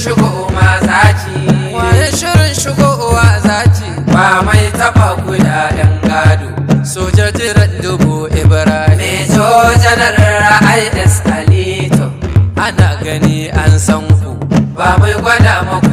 shigowa zaci waye shirin shigowa zaci ba mai taba yan gado soja jiran dubu ibrahim mejo janar ra'ayi alito ana gani an san ku ba mai gwada maku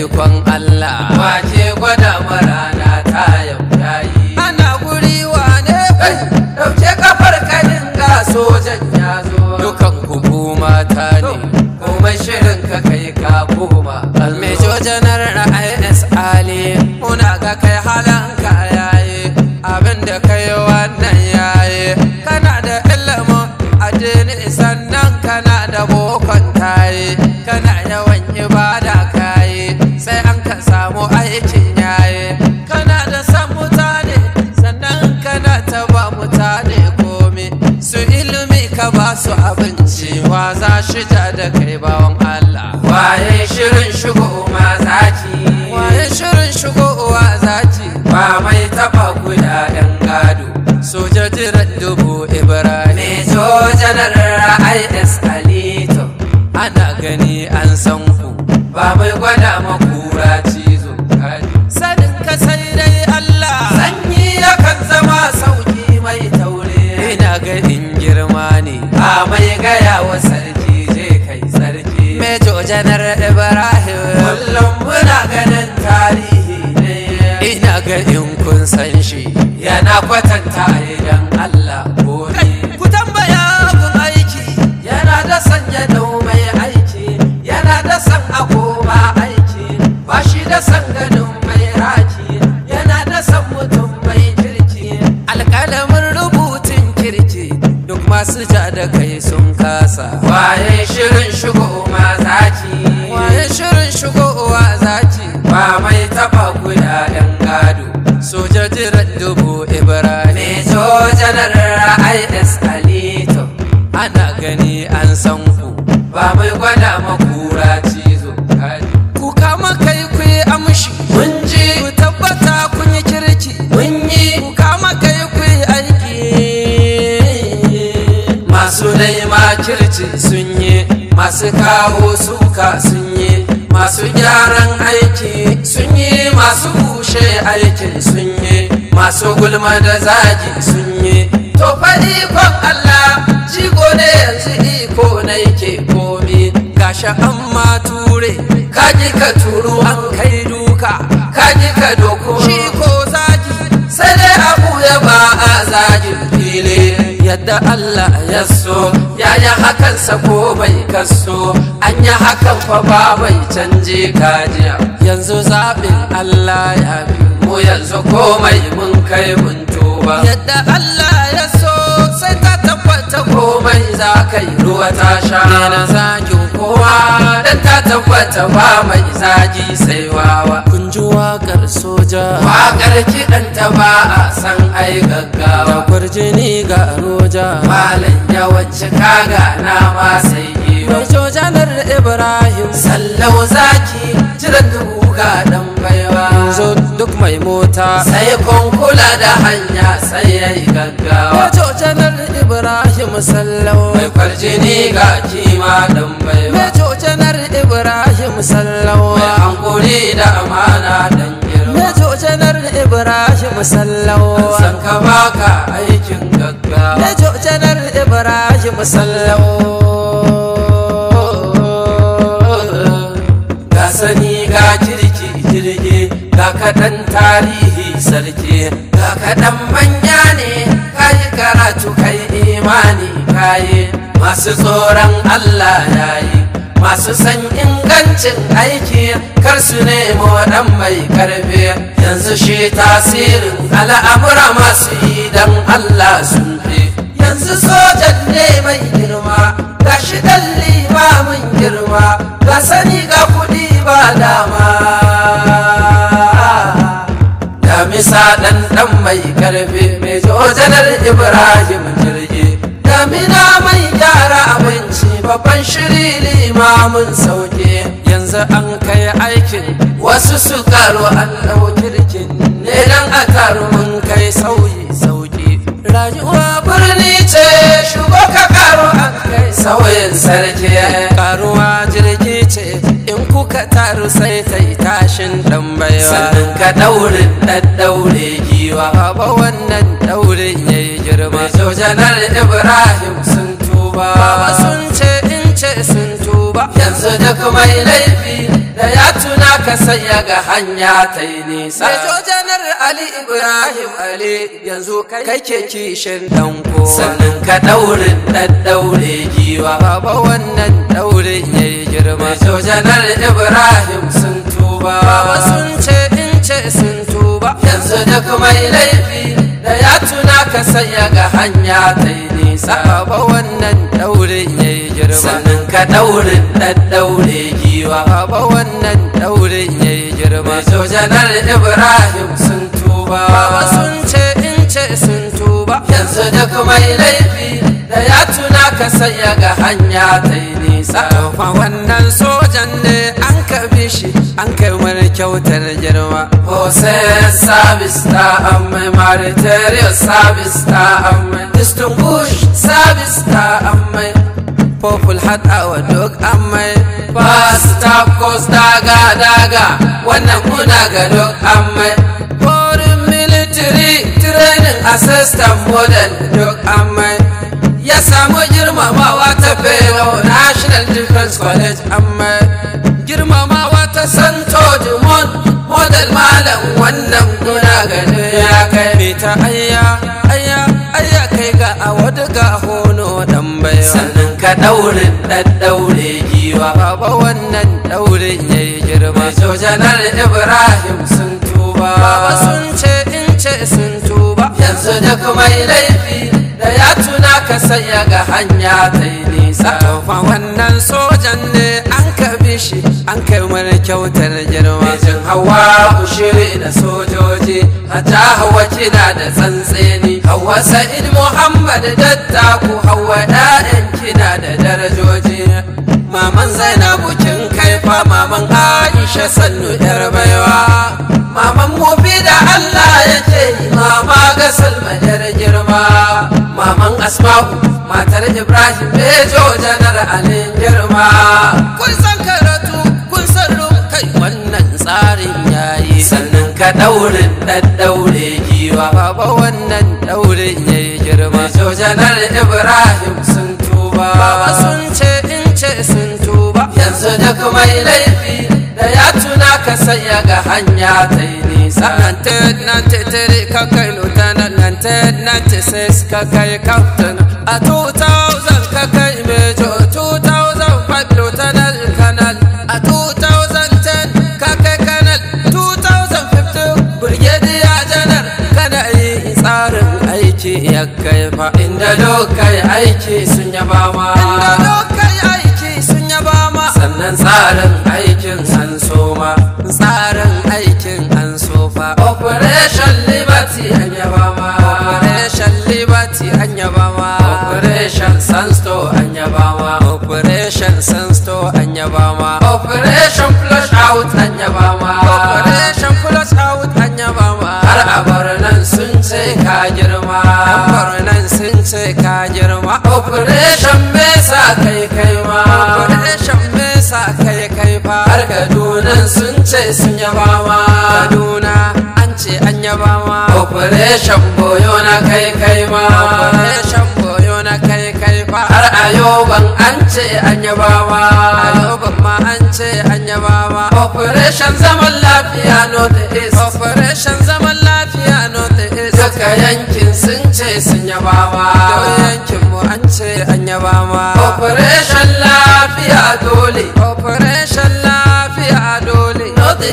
ikon Allah wace gwada na ta yau yayi ana guri wane kai dauke kafar kanin ga sojan ya zo dukan kuma mata ne kuma shirin ka kai ka koma me jojanar su abinci wa za shi ta da kai bawan Allah waye shirin shigo ma zaki waye shirin shigo uwa zaki ba mai taba guda dan gado soja jiran dubu ibrahim me soja na ra'ayi alito ana gani an san kwatanta masu ja da kai sun kasa waye shirin shigo ma zaki waye shirin shigo uwa zaki ba mai taba guda yan gado soja jiran dubu ibrahim me soja na ra'ayi alito ana gani an san ku ba mai gwada maku masu kawo suka sun masu gyaran aiki sun masu bushe aikin sun yi masu gulma da zagi sun to faɗi kon Allah ji ne yanzu iko na yake komi gashi an ma ture kaji ka turu an kai duka kaji ka doko shi da Allah ya so ya hakan sa ko bai kaso an hakan fa ba bai canje kajiya yanzu zaɓin Allah ya bi mu yanzu komai mun kai mun tuba yadda Allah ya so sai ta tabbata komai za kai ruwa ta sha na zagin kowa dan ta tabbata ba mai zagi sai wawa wakar soja wakar kiɗan ta ba a san ai gaggawa jini ga roja malam ya wacce kaga na ma sai yiwa sojanar ibrahim sallau zaki jira dubu ga dan baiwa zo duk mai mota sai kun da hanya sai yayi gaggawa sojanar ibrahim sallau mai jini ga kima dan baiwa Ibrahim sallawa mai hankuri da amana dan girma mai cocanar Ibrahim sallawa san ka baka aikin gaggawa mai cocanar Ibrahim sallawa ga sani ga kirki jirgi ga kaɗan tarihi sarki ga kaɗan manya ne kayi karatu kai imani kayi masu tsoron Allah yayi masu san ingancin aiki kar su nemo dan mai karfe yanzu shi tasirin al'amura masu yi dan Allah sun fi yanzu sojan ne mai girma ga shi ba limamin girma ga sani ga kudi ba dama da misa dan dan mai karfe mai jojanar ibrahim jirgi Da mina mai babban shiri limamin sauke yanzu an kai aikin wasu su karo an kirkin ne dan a karo mun kai sauyi sauki rayuwa birni ce shugo ka karo an kai sauyin sarki karuwa jirgi ce in kuka taru sai ta yi tashin dan baiwa sannan ka daurin dan daure giwa ba wannan daurin yayi girma janar ibrahim sun tuba sun ce ce sun tuba yanzu duk mai laifi da ya tuna ka saya ga hanya ta yi nisa mai janar ali ibrahim ali yanzu kai ke kishin dan kowa sannan ka daure dan daure giwa baba wannan daurin yayi girma mai janar ibrahim sun tuba baba sun ce in ce sun tuba yanzu duk mai laifi da ya tuna ka saya ga hanya ta yi nisa baba wannan daurin girma. sannan ka ɗaurin ɗan ɗaure giwa ba wannan ɗaurin ya yi girma mai janar ibrahim sun tuba ba sun ce in ce sun tuba yanzu duk mai laifi da ya tuna ka sai ga hanya ta yi nisa ba wannan sojan ne an kabe shi an kai wani kyautar girma Hossein service ta amma Maritarius service ta amma Distinguished service ta amma Purple hat awa dog amai pass tap cause daga daga Wannan kuna ga dog amai Foreign military training assistant model dog amai Ya samu girmamawa ta Pelo National Defense College amai Girmamawa ta Santo Jumon Model malam wannan kuna ga ya kai Mita ayya ayya ayya kai ga a hono Dambayo baiwa ka daurin dan daure giwa baba wannan ɗaurin yayi girma sojanar ibrahim sun tuba baba sun ce in ce sun tuba yanzu da kuma laifi da ya tuna ka saya ga hanya ta nisa fa wannan sojan ne an kabi shi an kai mana kyautar girma jin hawa ushiri da sojoji hata hawa kina da tsantseni hawa sa'id muhammad dattaku hawa ɗayan tana da darajoji maman zainabu kin kaifa maman aisha sannu yar baiwa maman mufi da allah ya ce mama ga salma yar girma maman asma'u matar ibrahim bejo janar alin girma kun san karatu kun san kai wannan tsarin yayi sannan ka daure dan daure giwa baba wannan ya yayi girma bejo janar ibrahim sun ba baba sun ce in ce sun tuba yanzu duk mai laifi da ya tuna ka saya ga hanya ta yi nisa 1993 ka kai lieutenant 1996 ka kai captain a 2000 ka kai 2005 canal. a 2010 ka kai colonel 2015 janar kana yi tsarin aiki ya kai fa inda dokai aiki yaba ma kai aiki sun yaba ma sannan tsarin aikin an soma tsarin aikin an sofa operation liberty an yaba ma operation liberty an yaba ma operation sansto an yaba ma operation sansto an yaba ma operation flush out an yaba ma ce sun yabawa kaduna an ce an yabawa operation boyo na kai kai ma operation boyo na kai kai ba har ayoban an ce an yabawa ayoban ma an ce an yabawa operation zaman lafiya the is operation zaman lafiya the is duka yankin sun ce sun yabawa yankin mu an ce an yabawa operation lafiya dole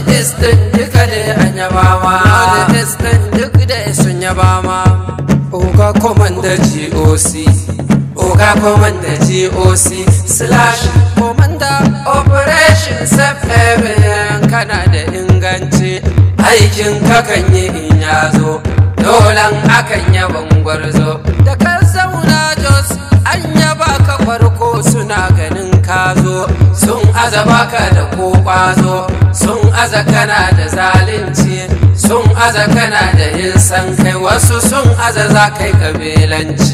politics din duka da an yaba ma politics din duk da sun yaba ma oga komanda goc oga komanda goc slash komanda operation safe haven kana da inganci aikin kakan yi in yazo dolan akan yaban gwarzo da ka zauna jos an yaba ka farko suna gani ka zo sun aza baka da ko kwazo sun aza kana da zalunci sun aza kana da yin kai wasu sun aza za kai kabilanci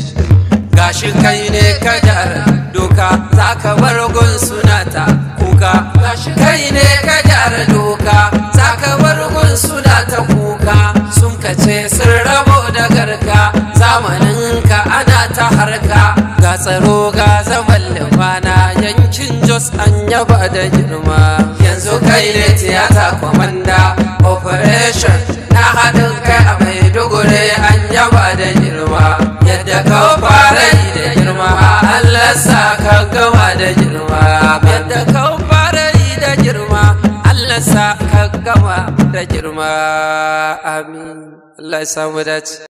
gashi kai ne ka kajar doka za ka bar gun suna ta kuka gashi kai ne ka kajar doka za ka bar gun suna ta kuka sun kace sun rabo da garka zamanin ka ana ta harka tsaro ga zaman lumana yankin jos an yaba da girma yanzu kai ne tiyata kwamanda operation na haɗin kai a maiduguri an yaba da girma yadda kawo fara yi da girma allah sa ka gama da girma yadda kawo fara yi da girma allah sa ka gama da girma amin allah ya samu dace